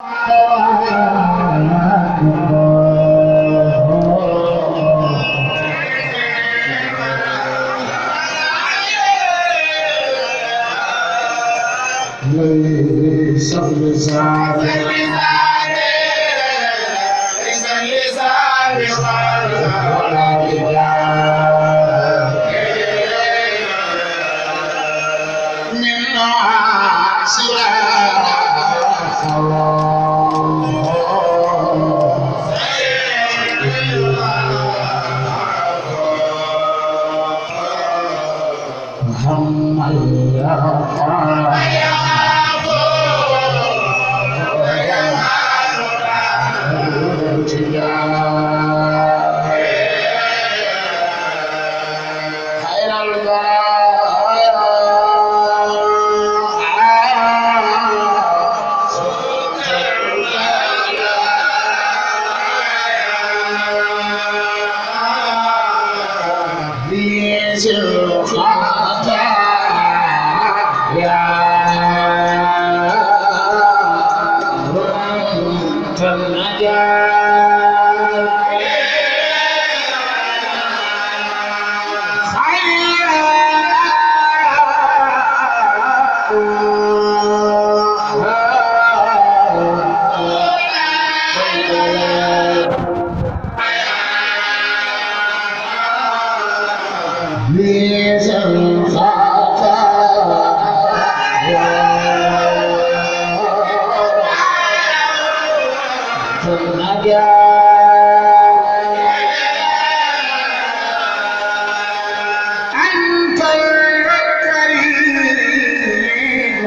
الله أكبر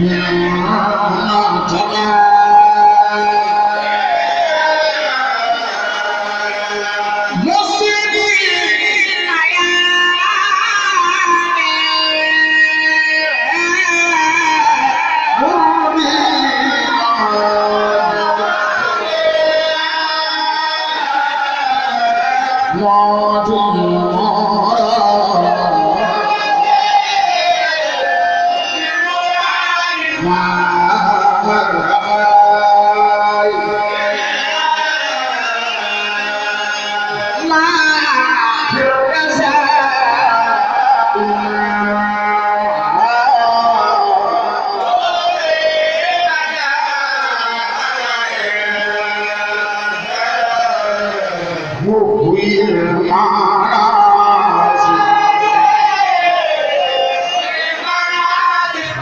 Now, Muhammad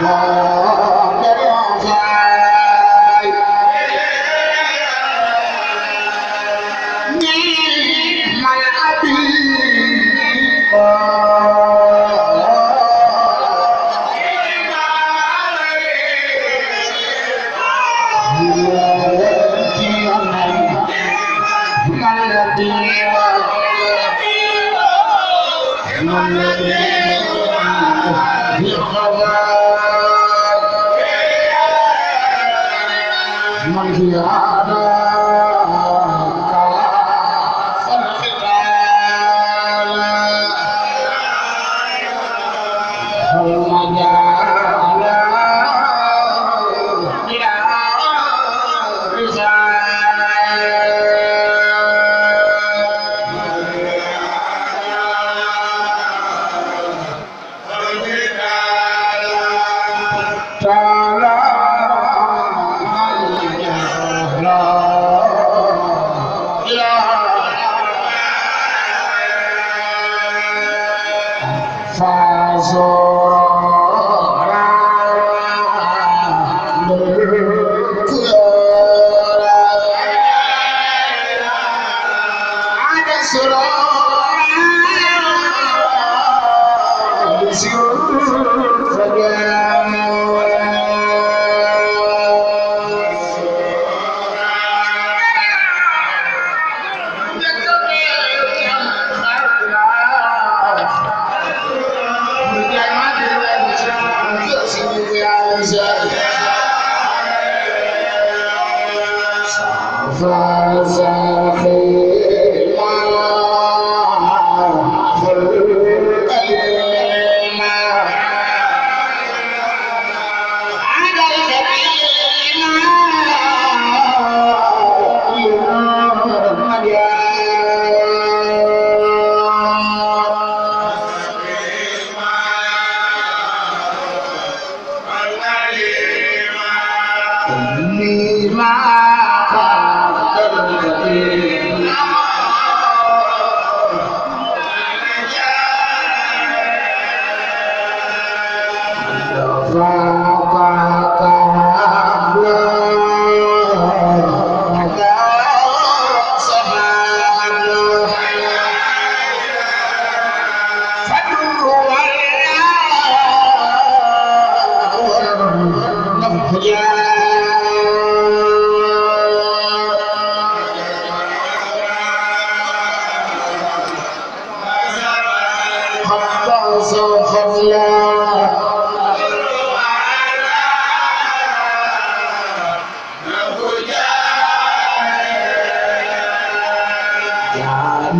الله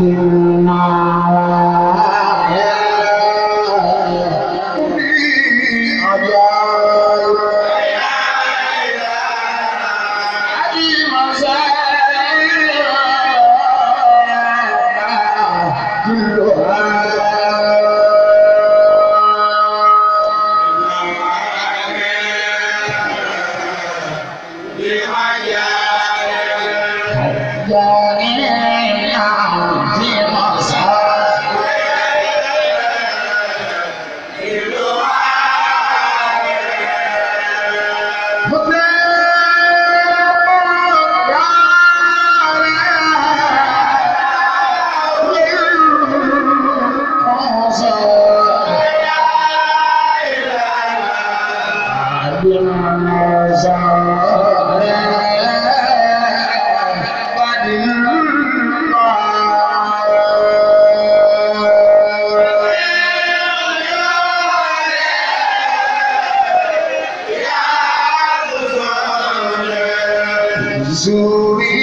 Yeah. زوي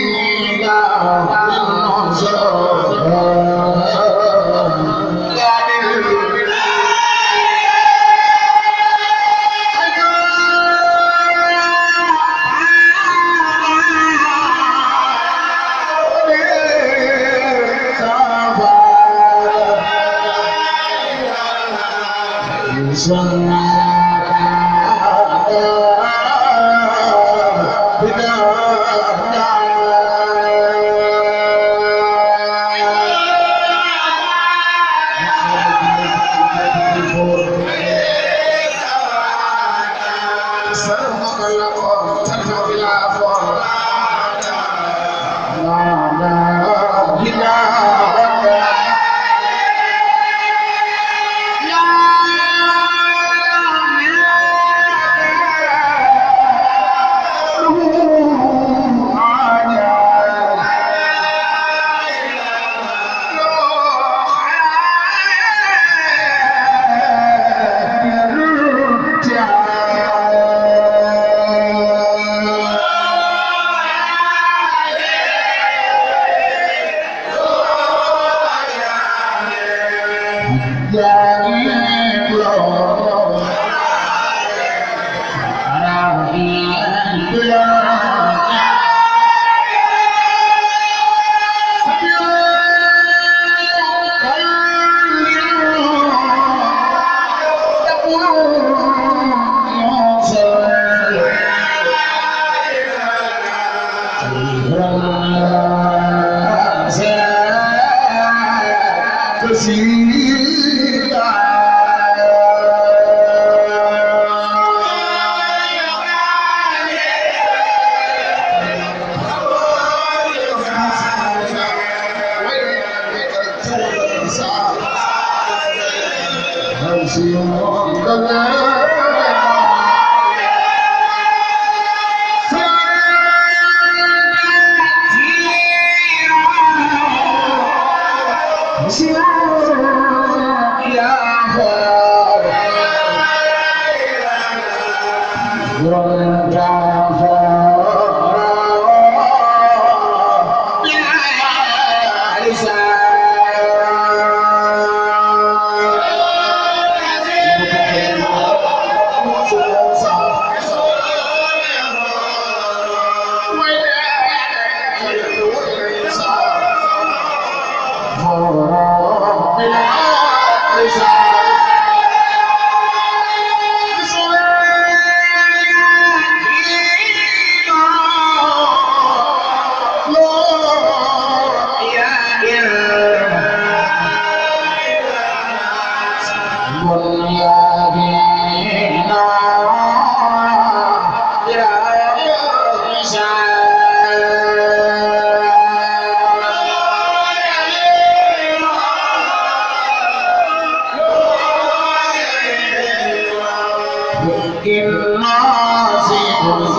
للناس حسنا